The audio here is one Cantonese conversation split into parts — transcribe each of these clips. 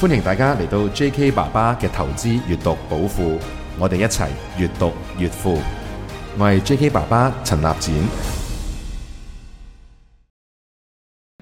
歡迎大家嚟到 J.K. 爸爸嘅投資閱讀寶庫，我哋一齊越讀越富。我係 J.K. 爸爸陳立展。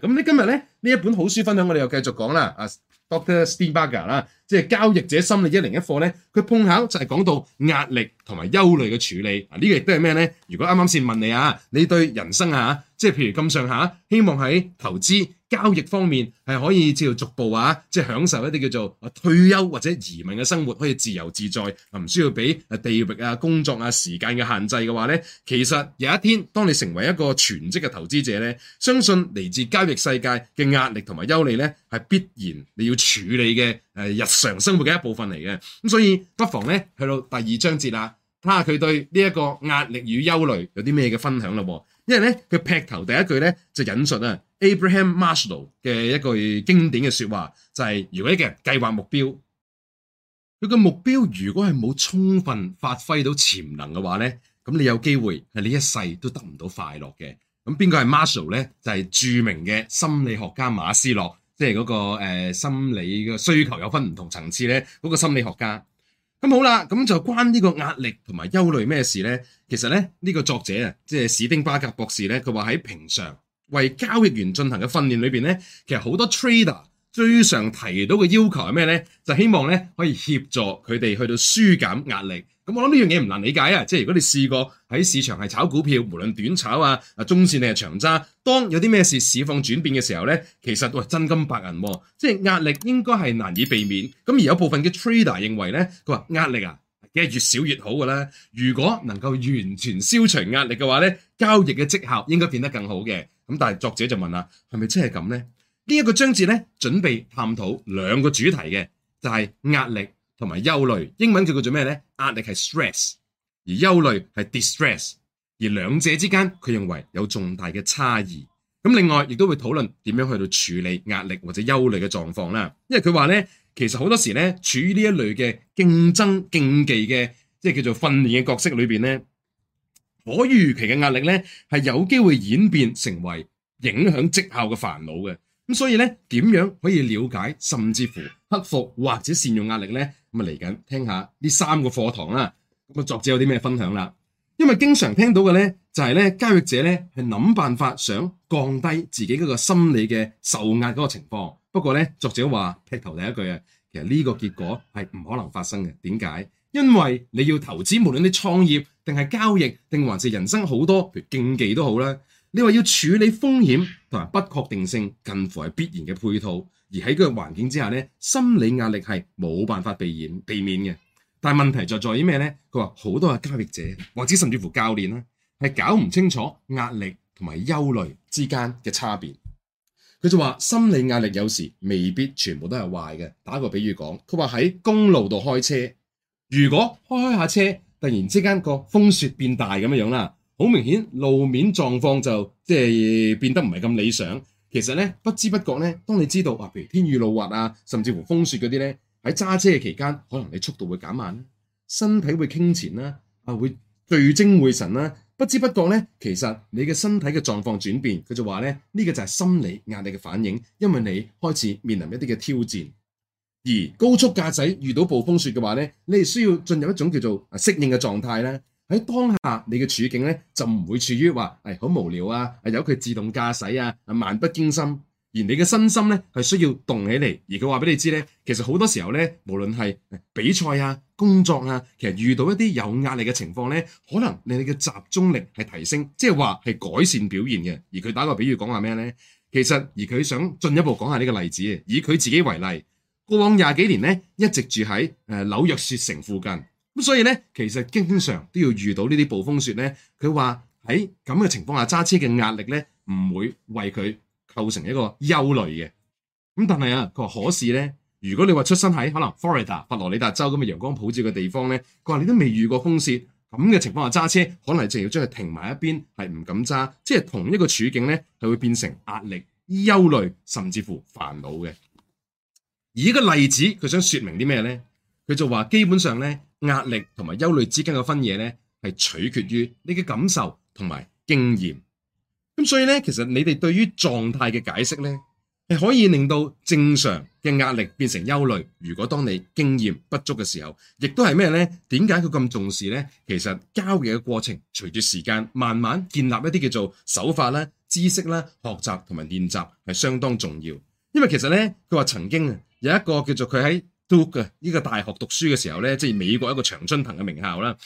咁咧今日呢，呢一本好書分享，我哋又繼續講啦。阿 Dr. Steinberger 啦，即係交易者心理一零一課呢，佢碰巧就係講到壓力同埋憂慮嘅處理。呢、這個亦都係咩呢？如果啱啱先問你啊，你對人生啊，即係譬如咁上下，希望喺投資。交易方面係可以照逐步啊，即係享受一啲叫做退休或者移民嘅生活，可以自由自在，唔需要俾地域啊、工作啊、時間嘅限制嘅話呢，其實有一天，當你成為一個全職嘅投資者呢，相信嚟自交易世界嘅壓力同埋憂慮呢，係必然你要處理嘅誒日常生活嘅一部分嚟嘅。咁所以不妨呢去到第二章節啦，睇下佢對呢一個壓力與憂慮有啲咩嘅分享咯喎。因為咧，佢劈頭第一句咧就引述啊 Abraham Maslow 嘅一句經典嘅說話，就係、是、如果一個人計劃目標，佢個目標如果係冇充分發揮到潛能嘅話咧，咁你有機會係你一世都得唔到快樂嘅。咁邊個係 Maslow 咧？就係、是、著名嘅心理學家馬斯洛，即係嗰、那個誒、呃、心理嘅需求有分唔同層次咧，嗰、那個心理學家。咁好啦，咁就關呢個壓力同埋憂慮咩事呢？其實咧呢、呢個作者啊，即係史丁巴格博士咧，佢話喺平常為交易員進行嘅訓練裏面呢，其實好多 trader 最常提到嘅要求係咩呢？就希望呢可以協助佢哋去到舒解壓力。咁我諗呢樣嘢唔難理解啊！即係如果你試過喺市場係炒股票，無論短炒啊、啊中線定係長揸，當有啲咩事市況轉變嘅時候咧，其實都係真金白銀，即係壓力應該係難以避免。咁而有部分嘅 trader 認為咧，佢話壓力啊，梗係越少越好㗎啦。如果能夠完全消除壓力嘅話咧，交易嘅績效應該變得更好嘅。咁但係作者就問啦，係咪真係咁咧？呢、這、一個章節咧，準備探討兩個主題嘅，就係、是、壓力。同埋憂慮，英文叫佢做咩呢？壓力係 stress，而憂慮係 distress，而兩者之間佢認為有重大嘅差異。咁另外亦都會討論點樣去到處理壓力或者憂慮嘅狀況啦。因為佢話呢，其實好多時呢，處於呢一類嘅競爭競技嘅即係叫做訓練嘅角色裏邊呢，可預期嘅壓力呢係有機會演變成為影響績效嘅煩惱嘅。咁所以呢，點樣可以了解甚至乎克服或者善用壓力呢？咁啊，嚟緊聽下呢三個課堂啦。咁啊，作者有啲咩分享啦？因為經常聽到嘅咧，就係咧交易者咧係諗辦法想降低自己嗰個心理嘅受壓嗰個情況。不過咧，作者話劈頭第一句啊，其實呢個結果係唔可能發生嘅。點解？因為你要投資，無論你創業定係交易，定還是人生好多，譬如競技都好啦。你話要處理風險同埋不確定性，近乎係必然嘅配套。而喺個環境之下咧，心理壓力係冇辦法避免、避免嘅。但係問題就在於咩咧？佢話好多嘅交易者，或者甚至乎教練啦，係搞唔清楚壓力同埋憂慮之間嘅差別。佢就話心理壓力有時未必全部都係壞嘅。打個比喻講，佢話喺公路度開車，如果開開下車，突然之間個風雪變大咁樣樣啦。好明顯路面狀況就即係、呃、變得唔係咁理想。其實咧，不知不覺咧，當你知道啊，譬如天雨路滑啊，甚至乎風雪嗰啲咧，喺揸車嘅期間，可能你速度會減慢，身體會傾前啦，啊會聚精會神啦、啊。不知不覺咧，其實你嘅身體嘅狀況轉變，佢就話咧，呢、這個就係心理壓力嘅反應，因為你開始面臨一啲嘅挑戰。而高速駕駛遇到暴風雪嘅話咧，你哋需要進入一種叫做適應嘅狀態啦。喺當下，你嘅處境咧就唔會處於話誒好無聊啊，誒由佢自動駕駛啊，啊漫不經心。而你嘅身心咧係需要動起嚟。而佢話俾你知咧，其實好多時候咧，無論係比賽啊、工作啊，其實遇到一啲有壓力嘅情況咧，可能你哋嘅集中力係提升，即係話係改善表現嘅。而佢打個比喻講話咩咧？其實而佢想進一步講下呢個例子，以佢自己為例，過往廿幾年咧一直住喺誒紐約雪城附近。咁所以咧，其實經常都要遇到呢啲暴風雪咧。佢話喺咁嘅情況下揸車嘅壓力咧，唔會為佢構成一個憂慮嘅。咁但係啊，佢話可是咧，如果你話出生喺可能佛羅里達州咁嘅陽光普照嘅地方咧，佢話你都未遇過風雪咁嘅情況下揸車，可能淨係要將佢停埋一邊，係唔敢揸。即係同一個處境咧，係會變成壓力、憂慮，甚至乎煩惱嘅。而呢個例子，佢想説明啲咩咧？佢就話：基本上咧，壓力同埋憂慮之間嘅分野咧，係取決於你嘅感受同埋經驗。咁所以咧，其實你哋對於狀態嘅解釋咧，係可以令到正常嘅壓力變成憂慮。如果當你經驗不足嘅時候，亦都係咩咧？點解佢咁重視咧？其實交易嘅過程，隨住時間慢慢建立一啲叫做手法啦、知識啦、學習同埋練習係相當重要。因為其實咧，佢話曾經啊，有一個叫做佢喺讀嘅呢、這個大學讀書嘅時候咧，即係美國一個常春藤嘅名校啦。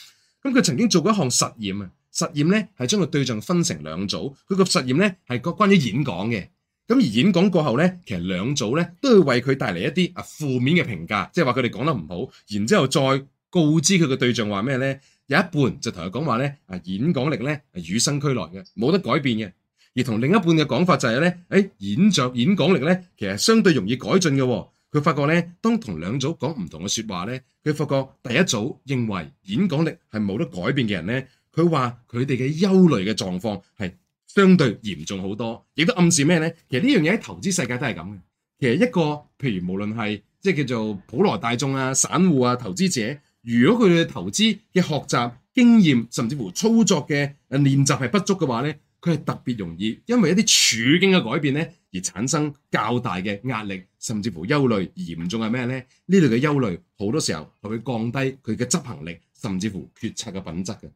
咁佢曾經做過一項實驗啊，實驗咧係將個對象分成兩組，佢個實驗咧係個關於演講嘅。咁而演講過後咧，其實兩組咧都要為佢帶嚟一啲啊負面嘅評價，即係話佢哋講得唔好。然之後再告知佢嘅對象話咩咧，有一半就同佢講話咧啊，演講力咧係與生俱來嘅，冇得改變嘅；而同另一半嘅講法就係、是、咧，誒、哎，演著演講力咧其實相對容易改進嘅、哦。佢發覺咧，當同兩組講唔同嘅説話咧，佢發覺第一組認為演講力係冇得改變嘅人咧，佢話佢哋嘅憂慮嘅狀況係相對嚴重好多，亦都暗示咩咧？其實呢樣嘢喺投資世界都係咁嘅。其實一個譬如無論係即係叫做普羅大眾啊、散戶啊、投資者，如果佢哋嘅投資嘅學習經驗，甚至乎操作嘅誒練習係不足嘅話咧，佢係特別容易，因為一啲處境嘅改變咧。而產生較大嘅壓力，甚至乎憂慮，嚴重係咩呢？呢類嘅憂慮好多時候係會降低佢嘅執行力，甚至乎決策嘅品質嘅。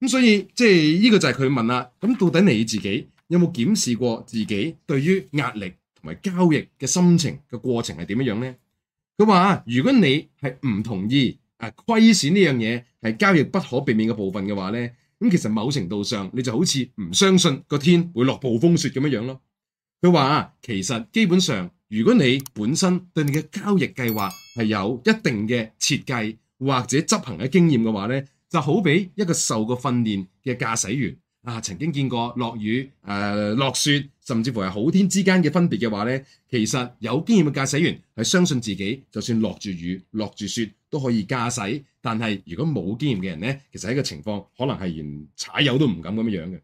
咁所以即係呢個就係佢問啦。咁到底你自己有冇檢視過自己對於壓力同埋交易嘅心情嘅過程係點樣樣呢？佢話如果你係唔同意啊虧損呢樣嘢係交易不可避免嘅部分嘅話呢，咁其實某程度上你就好似唔相信個天會落暴風雪咁樣樣咯。佢話其實基本上，如果你本身對你嘅交易計劃係有一定嘅設計或者執行嘅經驗嘅話咧，就好比一個受過訓練嘅駕駛員啊，曾經見過落雨、誒、呃、落雪，甚至乎係好天之間嘅分別嘅話咧，其實有經驗嘅駕駛員係相信自己，就算落住雨、落住雪都可以駕駛。但係如果冇經驗嘅人咧，其實係一個情況可能係連踩油都唔敢咁樣樣嘅。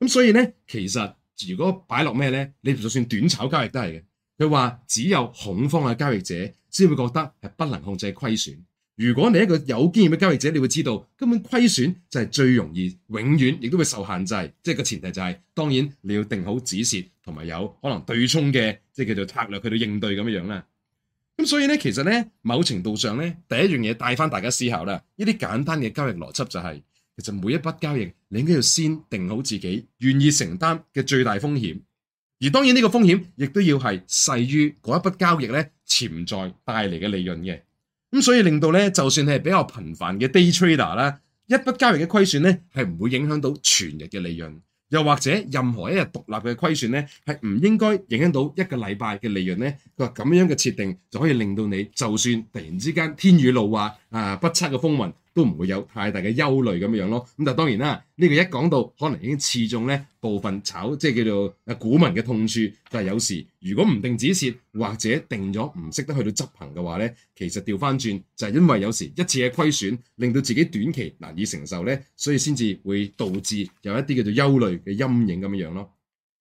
咁所以咧，其實。如果擺落咩咧，你就算短炒交易都係嘅。佢話只有恐慌嘅交易者先會覺得係不能控制虧損。如果你一個有經驗嘅交易者，你會知道根本虧損就係最容易永遠亦都會受限制。即係個前提就係、是，當然你要定好止蝕，同埋有可能有對沖嘅，即係叫做策略去到應對咁樣樣啦。咁所以咧，其實咧，某程度上咧，第一樣嘢帶翻大家思考啦。呢啲簡單嘅交易邏輯就係、是。其實每一筆交易，你應該要先定好自己願意承擔嘅最大風險，而當然呢個風險亦都要係細於嗰一筆交易咧潛在帶嚟嘅利潤嘅。咁所以令到咧，就算你係比較頻繁嘅 day trader 啦，一筆交易嘅虧損咧係唔會影響到全日嘅利潤，又或者任何一日獨立嘅虧損咧係唔應該影響到一個禮拜嘅利潤咧。佢話咁樣嘅設定就可以令到你，就算突然之間天雨路滑，啊不測嘅風雲都唔會有太大嘅憂慮咁樣樣咯。咁但係當然啦，呢個一講到可能已經刺中咧部分炒，即係叫做股民嘅痛處。但係有時如果唔定止蝕，或者定咗唔識得去到執行嘅話呢，其實調翻轉就係因為有時一次嘅虧損令到自己短期難以承受呢，所以先至會導致有一啲叫做憂慮嘅陰影咁樣樣咯。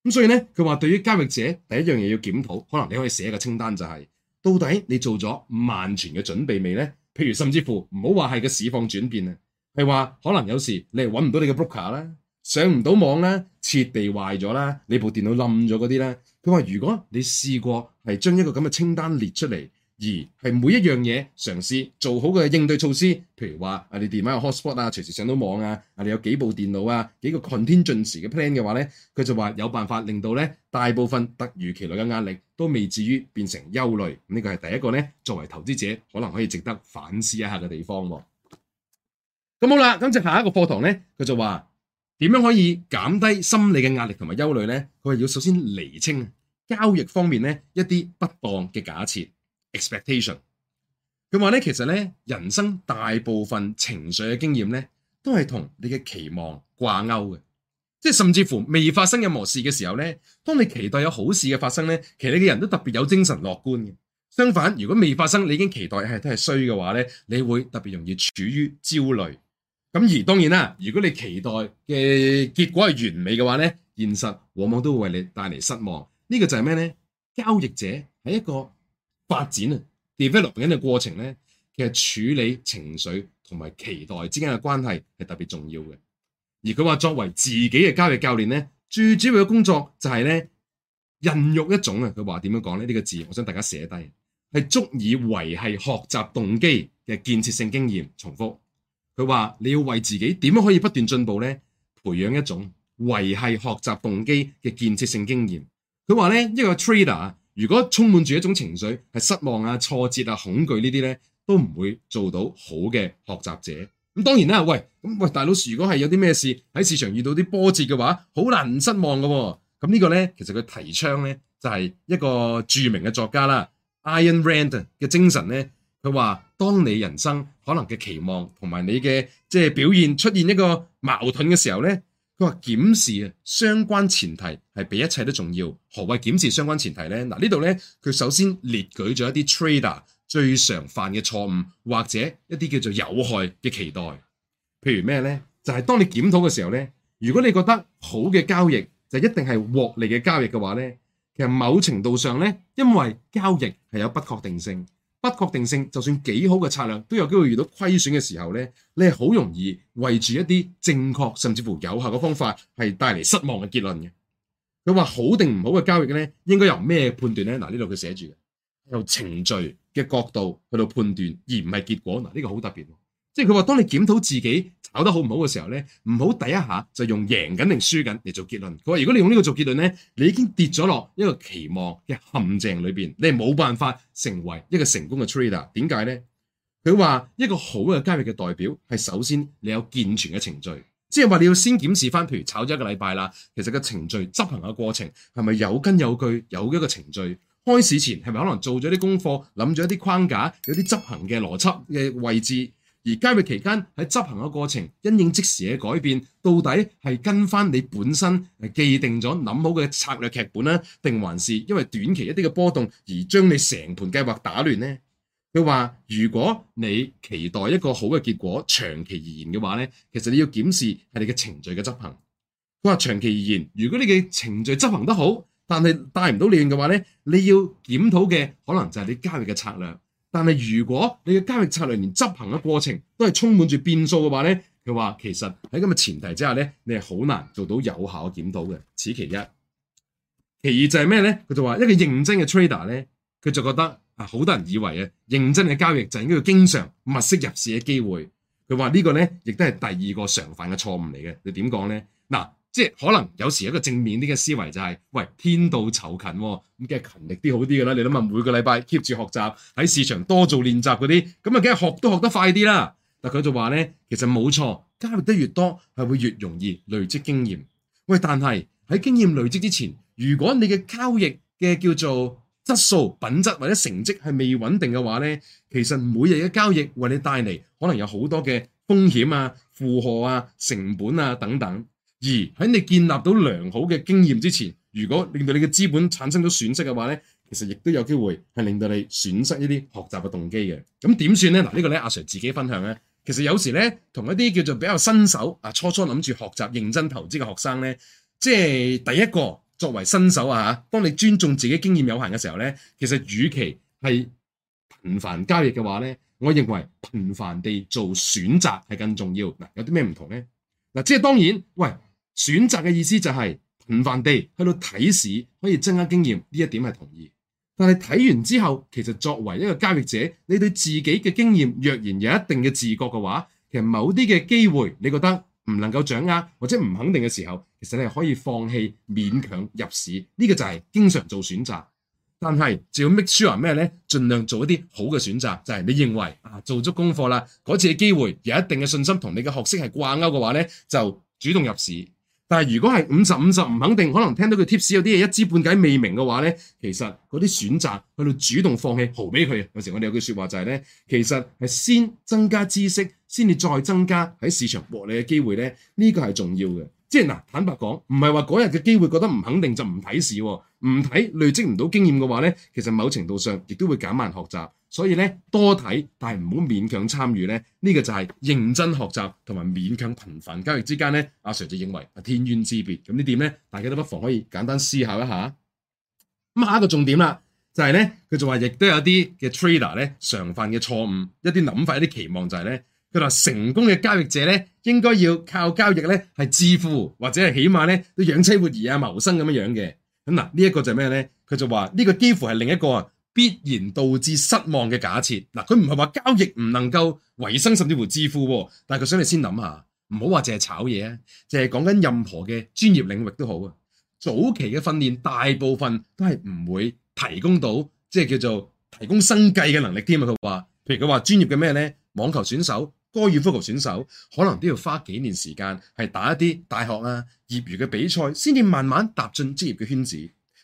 咁所以呢，佢話對於交易者第一樣嘢要檢討，可能你可以寫個清單，就係到底你做咗萬全嘅準備未呢？」譬如甚至乎唔好話係個市況轉變啊，係話可能有時你係搵唔到你嘅 broker 啦，上唔到網啦，徹底壞咗啦，你部電腦冧咗嗰啲啦。佢話如果你試過係將一個咁嘅清單列出嚟，而係每一樣嘢嘗試做好嘅應對措施，譬如話，啊你電話有 hotspot 啊，隨時上到網啊，啊你有幾部電腦啊，幾個 contingency 嘅 plan 嘅話咧，佢就話有辦法令到咧大部分突如其來嘅壓力都未至於變成憂慮。呢個係第一個咧，作為投資者可能可以值得反思一下嘅地方。咁好啦，咁就下一個課堂咧，佢就話點樣可以減低心理嘅壓力同埋憂慮咧。佢話要首先釐清交易方面咧一啲不當嘅假設。Expectation，佢話咧，其實咧，人生大部分情緒嘅經驗咧，都係同你嘅期望掛鈎嘅，即係甚至乎未發生任何事嘅時候咧，當你期待有好事嘅發生咧，其實你嘅人都特別有精神樂觀嘅。相反，如果未發生，你已經期待係都係衰嘅話咧，你會特別容易處於焦慮。咁而當然啦，如果你期待嘅結果係完美嘅話咧，現實往往都會為你帶嚟失望。呢、這個就係咩咧？交易者係一個。發展啊 develop 緊嘅過程咧，其實處理情緒同埋期待之間嘅關係係特別重要嘅。而佢話作為自己嘅交易教練咧，最主要嘅工作就係咧，孕育一種啊。佢話點樣講咧？呢個字，我想大家寫低，係足以維係學習動機嘅建設性經驗。重複，佢話你要為自己點樣可以不斷進步咧，培養一種維係學習動機嘅建設性經驗。佢話咧，一個 trader 如果充滿住一種情緒，係失望啊、挫折啊、恐懼呢啲咧，都唔會做到好嘅學習者。咁當然啦，喂，咁喂，大佬，如果係有啲咩事喺市場遇到啲波折嘅話，好難唔失望嘅、哦。咁、嗯這個、呢個咧，其實佢提倡咧，就係、是、一個著名嘅作家啦，Ayn Rand 嘅精神咧，佢話：當你人生可能嘅期望同埋你嘅即係表現出現一個矛盾嘅時候咧。佢話檢視啊相關前提係比一切都重要。何謂檢視相關前提呢？嗱，呢度呢，佢首先列舉咗一啲 trader 最常犯嘅錯誤，或者一啲叫做有害嘅期待。譬如咩呢？就係當你檢討嘅時候呢，如果你覺得好嘅交易就一定係獲利嘅交易嘅話呢，其實某程度上呢，因為交易係有不確定性。不確定性，就算幾好嘅策略，都有機會遇到虧損嘅時候咧，你係好容易圍住一啲正確甚至乎有效嘅方法，係帶嚟失望嘅結論嘅。佢話好定唔好嘅交易咧，應該由咩判斷咧？嗱，呢度佢寫住嘅，由程序嘅角度去到判斷，而唔係結果。嗱、這個，呢個好特別。即係佢話，當你檢討自己炒得好唔好嘅時候呢，唔好第一下就用贏緊定輸緊嚟做結論佢話如果你用呢個做結論呢，你已經跌咗落一個期望嘅陷阱裏邊，你係冇辦法成為一個成功嘅 trader。點解呢？佢話一個好嘅交易嘅代表係首先你有健全嘅程序，即係話你要先檢視翻，譬如炒咗一個禮拜啦，其實個程序執行嘅過程係咪有根有據，有一個程序開市前係咪可能做咗啲功課，諗咗一啲框架，有啲執行嘅邏輯嘅位置。而交易期間喺執行嘅過程，因應即時嘅改變，到底係跟翻你本身既定咗諗好嘅策略劇本呢？定還是因為短期一啲嘅波動而將你成盤計劃打亂呢？佢話：如果你期待一個好嘅結果，長期而言嘅話呢，其實你要檢視係你嘅程序嘅執行。佢話：長期而言，如果你嘅程序執行得好，但係帶唔到亂嘅話呢，你要檢討嘅可能就係你交易嘅策略。但係如果你嘅交易策略連執行嘅過程都係充滿住變數嘅話咧，佢話其實喺咁嘅前提之下咧，你係好難做到有效嘅檢討嘅，此其一。其二就係咩咧？佢就話一個認真嘅 trader 咧，佢就覺得啊，好多人以為啊，認真嘅交易就應該要經常物色入市嘅機會。佢話呢個咧亦都係第二個常犯嘅錯誤嚟嘅。你點講咧？嗱。即係可能有時有一個正面啲嘅思維就係、是、喂，天道酬勤，咁梗係勤力啲好啲嘅啦，你諗下每個禮拜 keep 住學習喺市場多做練習嗰啲，咁啊梗係學都學得快啲啦。但佢就話呢，其實冇錯，交易得越多係會越容易累積經驗。喂，但係喺經驗累積之前，如果你嘅交易嘅叫做質素、品質或者成績係未穩定嘅話呢，其實每日嘅交易為你帶嚟可能有好多嘅風險啊、負荷啊、成本啊等等。而喺你建立到良好嘅經驗之前，如果令到你嘅資本產生咗損失嘅話呢，其實亦都有機會係令到你損失一啲學習嘅動機嘅。咁點算呢？嗱，呢個呢，阿 Sir 自己分享呢，其實有時呢，同一啲叫做比較新手啊，初初諗住學習、認真投資嘅學生呢，即係第一個作為新手啊嚇，當你尊重自己經驗有限嘅時候呢，其實與其係頻繁交易嘅話呢，我認為頻繁地做選擇係更重要。嗱，有啲咩唔同呢？嗱，即係當然，喂。選擇嘅意思就係、是、頻繁地去到睇市，可以增加經驗。呢一點係同意。但係睇完之後，其實作為一個交易者，你對自己嘅經驗若然有一定嘅自覺嘅話，其實某啲嘅機會你覺得唔能夠掌握或者唔肯定嘅時候，其實你可以放棄勉強入市。呢、這個就係經常做選擇。但係仲要 make sure 咩呢？盡量做一啲好嘅選擇，就係、是、你認為啊做足功課啦，嗰次嘅機會有一定嘅信心同你嘅學識係掛鈎嘅話呢，就主動入市。但係如果係五十五十唔肯定，可能聽到佢 tips 有啲嘢一知半解未明嘅話咧，其實嗰啲選擇去到主動放棄，毫俾佢。有時我哋有句説話就係、是、咧，其實係先增加知識，先至再增加喺市場獲利嘅機會咧，呢、這個係重要嘅。即係嗱，坦白講，唔係話嗰日嘅機會覺得唔肯定就唔睇市喎，唔睇累積唔到經驗嘅話咧，其實某程度上亦都會減慢學習。所以咧，多睇但係唔好勉強參與咧，呢、呢個就係認真學習同埋勉強頻繁交易之間咧，阿、啊、Sir 就認為天淵之別。咁呢點咧，大家都不妨可以簡單思考一下。咁下一個重點啦，就係、是、咧，佢就話亦都有啲嘅 trader 咧常犯嘅錯誤，一啲諗法、一啲期望就係咧。佢話成功嘅交易者咧，應該要靠交易咧係致富，或者係起碼咧都養妻活兒啊、謀生咁樣樣嘅。咁、啊、嗱，呢、這、一個就係咩咧？佢就話呢、這個幾乎係另一個啊必然導致失望嘅假設。嗱、啊，佢唔係話交易唔能夠維生，甚至乎致富喎。但係佢想你先諗下，唔好話淨係炒嘢啊，淨係講緊任何嘅專業領域都好啊。早期嘅訓練大部分都係唔會提供到即係叫做提供生計嘅能力添啊。佢話，譬如佢話專業嘅咩咧，網球選手。高爾夫球選手可能都要花幾年時間，係打一啲大學啊、業餘嘅比賽，先至慢慢踏進職業嘅圈子。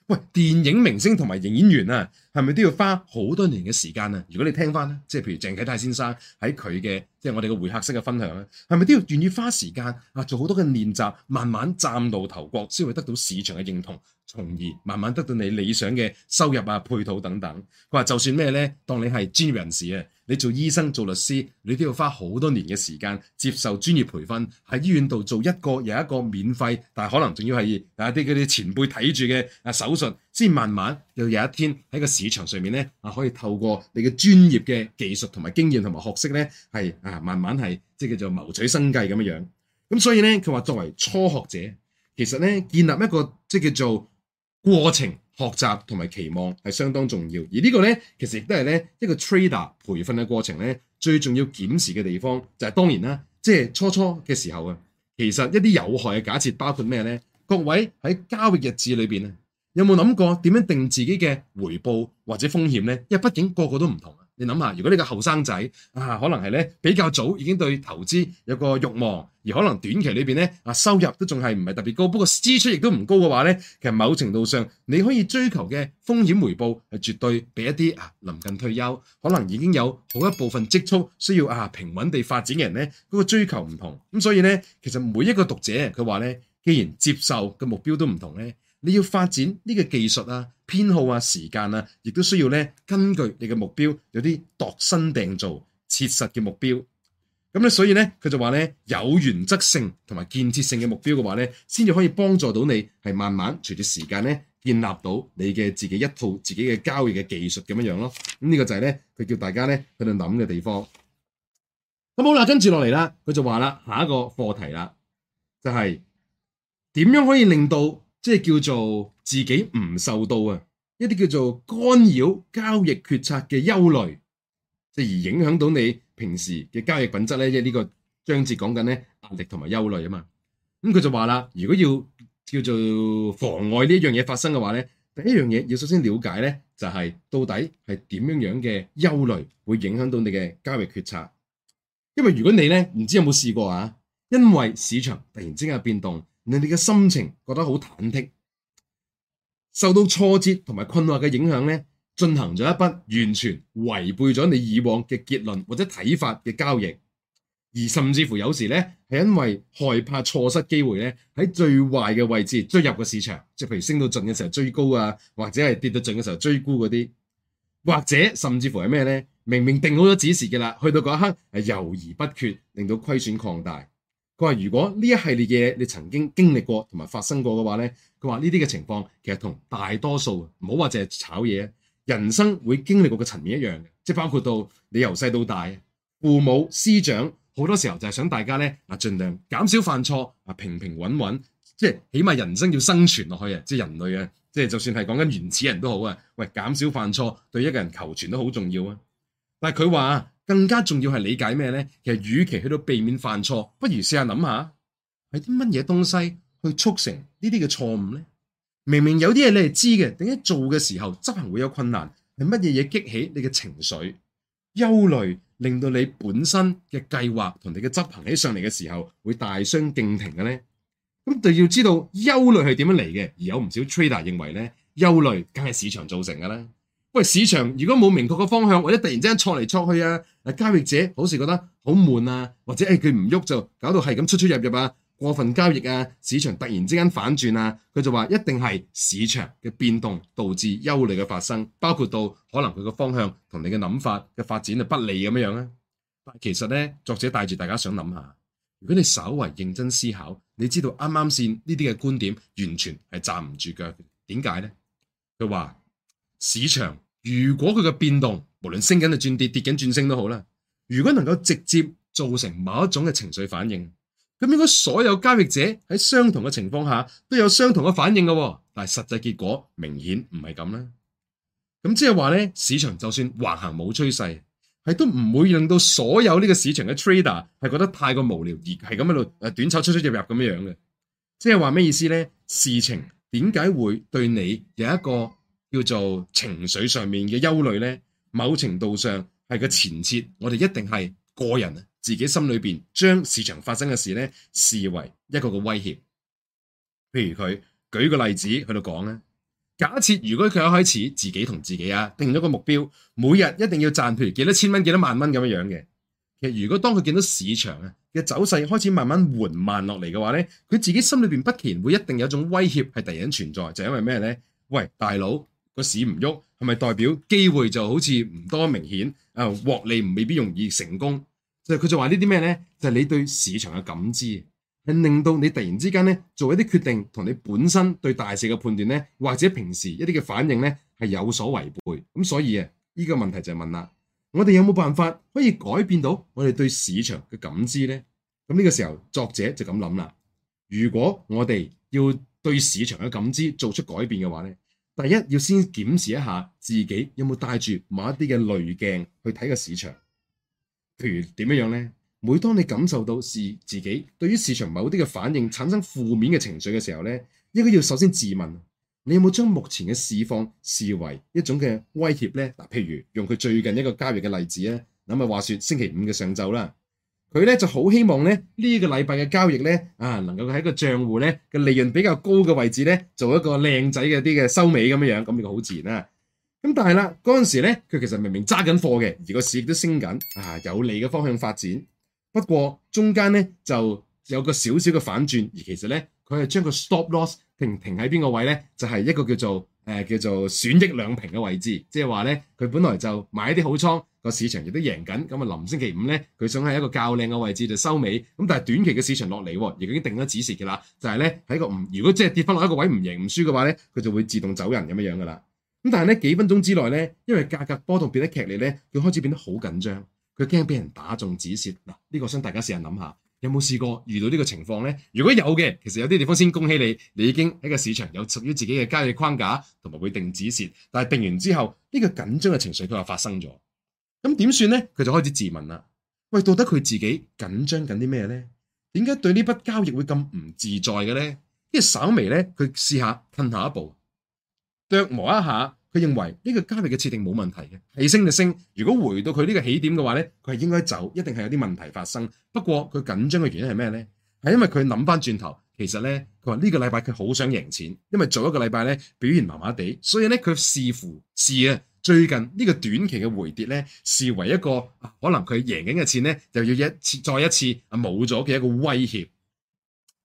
喂，電影明星同埋影演員啊！係咪都要花好多年嘅時間啊？如果你聽翻咧，即係譬如鄭啟泰先生喺佢嘅，即係我哋嘅會客室嘅分享咧，係咪都要願意花時間啊？做好多嘅練習，慢慢站到頭角，先會得到市場嘅認同，從而慢慢得到你理想嘅收入啊、配套等等。佢話就算咩呢？當你係專業人士啊，你做醫生、做律師，你都要花好多年嘅時間接受專業培訓，喺醫院度做一個又一個免費，但係可能仲要係啊啲嗰啲前輩睇住嘅啊手術。先慢慢又有一天喺個市場上面咧啊，可以透過你嘅專業嘅技術同埋經驗同埋學識咧，係啊慢慢係即係叫做謀取生計咁樣樣。咁所以咧，佢話作為初學者，其實咧建立一個即叫做過程學習同埋期望係相當重要。而呢個咧，其實亦都係咧一個 trader 培訓嘅過程咧，最重要檢視嘅地方就係當然啦，即係初初嘅時候啊，其實一啲有害嘅假設包括咩咧？各位喺交易日誌裏邊咧。有冇諗過點樣定自己嘅回報或者風險呢？因為畢竟個個都唔同，你諗下，如果你個後生仔啊，可能係咧比較早已經對投資有個慾望，而可能短期呢邊咧收入都仲係唔係特別高，不過支出亦都唔高嘅話咧，其實某程度上你可以追求嘅風險回報係絕對比一啲啊臨近退休可能已經有好一部分積蓄需要啊平穩地發展嘅人咧嗰個，追求唔同咁，所以咧其實每一個讀者佢話咧，既然接受嘅目標都唔同咧，你要發展呢個技術啊、偏好啊、時間啊，亦都需要咧根據你嘅目標，有啲度身訂造、切實嘅目標。咁、嗯、咧，所以咧佢就話咧有原則性同埋建設性嘅目標嘅話咧，先至可以幫助到你係慢慢隨住時間咧建立到你嘅自己一套自己嘅交易嘅技術咁樣樣咯。咁、嗯、呢、呢個就係咧佢叫大家咧喺度諗嘅地方。咁、嗯、好啦，跟住落嚟啦，佢就話啦下一個課題啦，就係、是、點樣可以令到？即係叫做自己唔受到啊一啲叫做干擾交易決策嘅憂慮，就而影響到你平時嘅交易品質咧。即係呢個章節講緊咧壓力同埋憂慮啊嘛。咁、嗯、佢就話啦，如果要叫做妨礙呢一樣嘢發生嘅話咧，第一樣嘢要首先了解咧，就係、是、到底係點樣樣嘅憂慮會影響到你嘅交易決策。因為如果你咧唔知有冇試過啊，因為市場突然之間有變動。你哋嘅心情覺得好忐忑，受到挫折同埋困惑嘅影響咧，進行咗一筆完全違背咗你以往嘅結論或者睇法嘅交易，而甚至乎有時咧係因為害怕錯失機會咧，喺最壞嘅位置追入個市場，即係譬如升到盡嘅時候追高啊，或者係跌到盡嘅時候追沽嗰啲，或者甚至乎係咩咧？明明定好咗指示嘅啦，去到嗰一刻係猶豫不決，令到虧損擴大。佢話：如果呢一系列嘢你曾經經歷過同埋發生過嘅話呢佢話呢啲嘅情況其實同大多數唔好話淨係炒嘢，人生會經歷過嘅層面一樣嘅，即係包括到你由細到大，父母師長好多時候就係想大家呢嗱盡量減少犯錯，啊平平穩穩，即係起碼人生要生存落去啊！即係人類啊，即係就算係講緊原始人都好啊，喂減少犯錯對一個人求存都好重要啊！但係佢話。更加重要係理解咩呢？其實，與其去到避免犯錯，不如試下諗下係啲乜嘢東西去促成呢啲嘅錯誤呢？明明有啲嘢你係知嘅，點解做嘅時候執行會有困難？係乜嘢嘢激起你嘅情緒、憂慮，令到你本身嘅計劃同你嘅執行起上嚟嘅時候會大相徑庭嘅呢？咁就要知道憂慮係點樣嚟嘅，而有唔少 trader 認為呢，憂慮梗係市場造成嘅啦。喂，市場如果冇明確個方向，或者突然之間錯嚟錯去啊，交易者好似覺得好悶啊，或者誒佢唔喐就搞到係咁出出入入啊，過分交易啊，市場突然之間反轉啊，佢就話一定係市場嘅變動導致憂慮嘅發生，包括到可能佢個方向同你嘅諗法嘅發展係不利咁樣樣啊。但係其實呢，作者帶住大家想諗下，如果你稍為認真思考，你知道啱啱先呢啲嘅觀點完全係站唔住腳，點解呢？佢話。市場如果佢嘅變動，無論升緊就轉跌，跌緊轉升都好啦。如果能夠直接造成某一種嘅情緒反應，咁應該所有交易者喺相同嘅情況下都有相同嘅反應噶。但係實際結果明顯唔係咁啦。咁即係話咧，市場就算橫行冇趨勢，係都唔會令到所有呢個市場嘅 trader 係覺得太過無聊而係咁喺度誒短炒出出入入咁樣樣嘅。即係話咩意思咧？事情點解會對你有一個？叫做情緒上面嘅憂慮呢，某程度上係個前設，我哋一定係個人自己心裏邊將市場發生嘅事呢，視為一個個威脅。譬如佢舉個例子去到講咧，假設如果佢一開始自己同自己啊定咗個目標，每日一定要賺譬如幾多千蚊，幾多萬蚊咁樣嘅，其實如果當佢見到市場啊嘅走勢開始慢慢緩慢落嚟嘅話呢，佢自己心裏邊不其然會一定有一種威脅係突然存在，就是，因為咩呢？喂，大佬！個市唔喐，係咪代表機會就好似唔多明顯？啊，獲利未必容易成功。就佢就話呢啲咩呢？就係你對市場嘅感知，係令到你突然之間呢做一啲決定，同你本身對大事嘅判斷呢，或者平時一啲嘅反應呢，係有所違背。咁所以啊，呢個問題就係問啦，我哋有冇辦法可以改變到我哋對市場嘅感知呢？咁呢個時候，作者就咁諗啦。如果我哋要對市場嘅感知做出改變嘅話呢。第一，要先檢視一下自己有冇帶住某一啲嘅濾鏡去睇個市場，譬如點樣樣呢？每當你感受到是自己對於市場某啲嘅反應產生負面嘅情緒嘅時候呢，應該要首先自問，你有冇將目前嘅市況視為一種嘅威脅呢？譬如用佢最近一個交易嘅例子呢，咁啊話説星期五嘅上晝啦。佢咧就好希望咧呢個禮拜嘅交易咧啊，能夠喺個賬戶咧嘅利潤比較高嘅位置咧做一個靚仔嘅啲嘅收尾咁樣樣，咁呢個好自然啦。咁但係啦，嗰陣時咧，佢其實明明揸緊貨嘅，而個市亦都升緊啊，有利嘅方向發展。不過中間咧就有個少少嘅反轉，而其實咧佢係將個 stop loss 停停喺邊個位咧，就係、是、一個叫做誒、呃、叫做損益兩平嘅位置，即係話咧佢本來就買啲好倉。個市場亦都贏緊，咁啊，臨星期五咧，佢想喺一個較靚嘅位置就收尾。咁但係短期嘅市場落嚟，亦家已經定咗止蝕嘅啦。就係咧喺個唔，如果即係跌翻落一個位唔贏唔輸嘅話咧，佢就會自動走人咁樣樣噶啦。咁但係咧幾分鐘之內咧，因為價格波動變得劇烈咧，佢開始變得好緊張，佢驚俾人打中止蝕嗱。呢、這個想大家試下諗下，有冇試過遇到呢個情況咧？如果有嘅，其實有啲地方先恭喜你，你已經喺個市場有屬於自己嘅交易框架，同埋會定止蝕。但係定完之後，呢、這個緊張嘅情緒佢又發生咗。咁點算咧？佢就開始自問啦。喂，到底佢自己緊張緊啲咩咧？點解對呢筆交易會咁唔自在嘅咧？跟住稍微咧，佢試下褪下一步，琢磨一下。佢認為呢個交易嘅設定冇問題嘅，起升就升。如果回到佢呢個起點嘅話咧，佢係應該走，一定係有啲問題發生。不過佢緊張嘅原因係咩咧？係因為佢諗翻轉頭，其實咧，佢話呢個禮拜佢好想贏錢，因為早一個禮拜咧表現麻麻地，所以咧佢視乎試啊。最近呢個短期嘅回跌咧，視為一個可能佢贏緊嘅錢咧，又要一次再一次冇咗嘅一個威脅。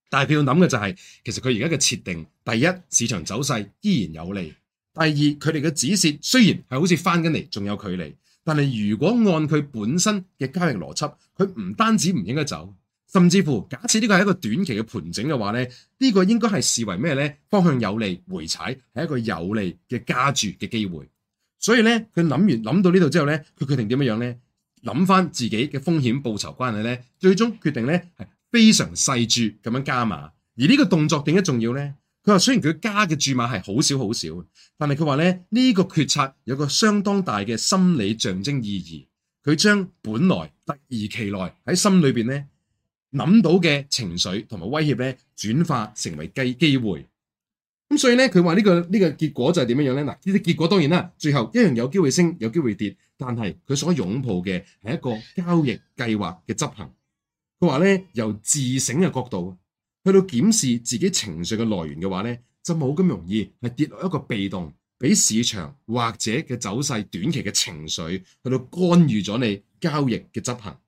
但係佢要諗嘅就係，其實佢而家嘅設定，第一市場走勢依然有利；第二佢哋嘅指線雖然係好似翻緊嚟，仲有距離，但係如果按佢本身嘅交易邏輯，佢唔單止唔應該走，甚至乎假設呢個係一個短期嘅盤整嘅話咧，呢個應該係視為咩咧？方向有利回踩係一個有利嘅加注嘅機會。所以咧，佢諗完諗到呢度之後咧，佢決定點樣樣咧？諗翻自己嘅風險報酬關係咧，最終決定咧係非常細注咁樣加碼。而呢個動作點解重要咧？佢話雖然佢加嘅注碼係好少好少，但係佢話咧呢、呢個決策有個相當大嘅心理象徵意義。佢將本來突如其來喺心裏邊咧諗到嘅情緒同埋威脅咧轉化成為機機會。咁所以咧，佢話呢個呢個結果就係點樣樣咧？嗱，呢啲結果當然啦，最後一樣有機會升，有機會跌，但係佢所擁抱嘅係一個交易計劃嘅執行。佢話咧，由自省嘅角度去到檢視自己情緒嘅來源嘅話咧，就冇咁容易係跌落一個被動，俾市場或者嘅走勢短期嘅情緒去到干預咗你交易嘅執行。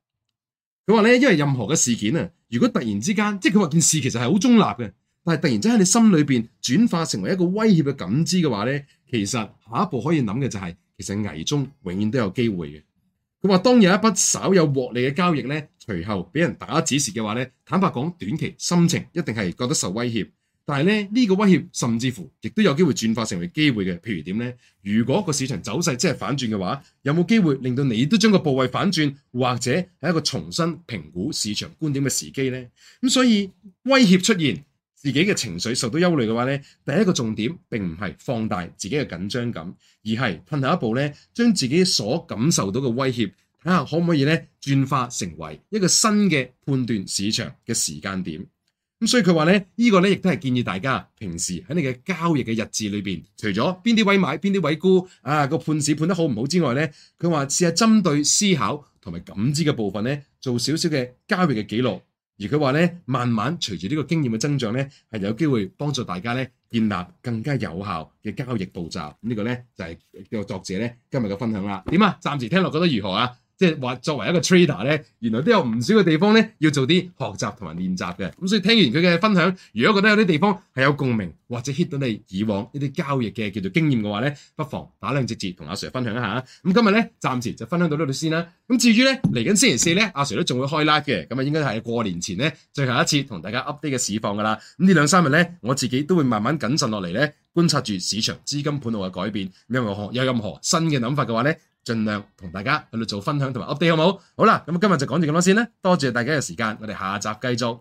佢話咧，因為任何嘅事件啊，如果突然之間，即係佢話件事其實係好中立嘅。但係突然之間，喺你心裏邊轉化成為一個威脅嘅感知嘅話呢，其實下一步可以諗嘅就係、是、其實危中永遠都有機會嘅。佢話：當有一筆稍有獲利嘅交易呢，隨後俾人打指示嘅話呢，坦白講，短期心情一定係覺得受威脅。但係咧，呢、呢個威脅甚至乎亦都有機會轉化成為機會嘅。譬如點呢？如果個市場走勢真係反轉嘅話，有冇機會令到你都將個部位反轉，或者係一個重新評估市場觀點嘅時機呢？咁所以威脅出現。自己嘅情緒受到憂慮嘅話呢，第一個重點並唔係放大自己嘅緊張感，而係褪下一步咧，將自己所感受到嘅威脅，睇下可唔可以咧轉化成為一個新嘅判斷市場嘅時間點。咁、嗯、所以佢話呢，呢、這個呢，亦都係建議大家平時喺你嘅交易嘅日誌裏邊，除咗邊啲位買，邊啲位沽，啊個判市判得好唔好之外呢，佢話試下針對思考同埋感知嘅部分呢，做少少嘅交易嘅記錄。而佢話咧，慢慢隨住呢個經驗嘅增長咧，係有機會幫助大家咧建立更加有效嘅交易步驟。咁、這個、呢個咧就係呢個作者咧今日嘅分享啦。點啊？暫時聽落覺得如何啊？即係話作為一個 trader 咧，原來都有唔少嘅地方咧，要做啲學習同埋練習嘅。咁所以聽完佢嘅分享，如果覺得有啲地方係有共鳴或者 hit 到你以往呢啲交易嘅叫做經驗嘅話咧，不妨打兩隻字同阿 Sir 分享一下。咁今日咧暫時就分享到呢度先啦。咁至於咧嚟緊星期四咧，阿 Sir 都仲會開 live 嘅。咁啊應該係過年前咧最後一次同大家 update 嘅市況㗎喇。咁呢兩三日咧，我自己都會慢慢謹慎落嚟咧，觀察住市場資金盤路嘅改變。因為有任何新嘅諗法嘅話咧，盡量同大家喺度做分享同埋 update，好唔好？好啦，咁今日就講住咁多先啦。多謝大家嘅時間，我哋下集繼續。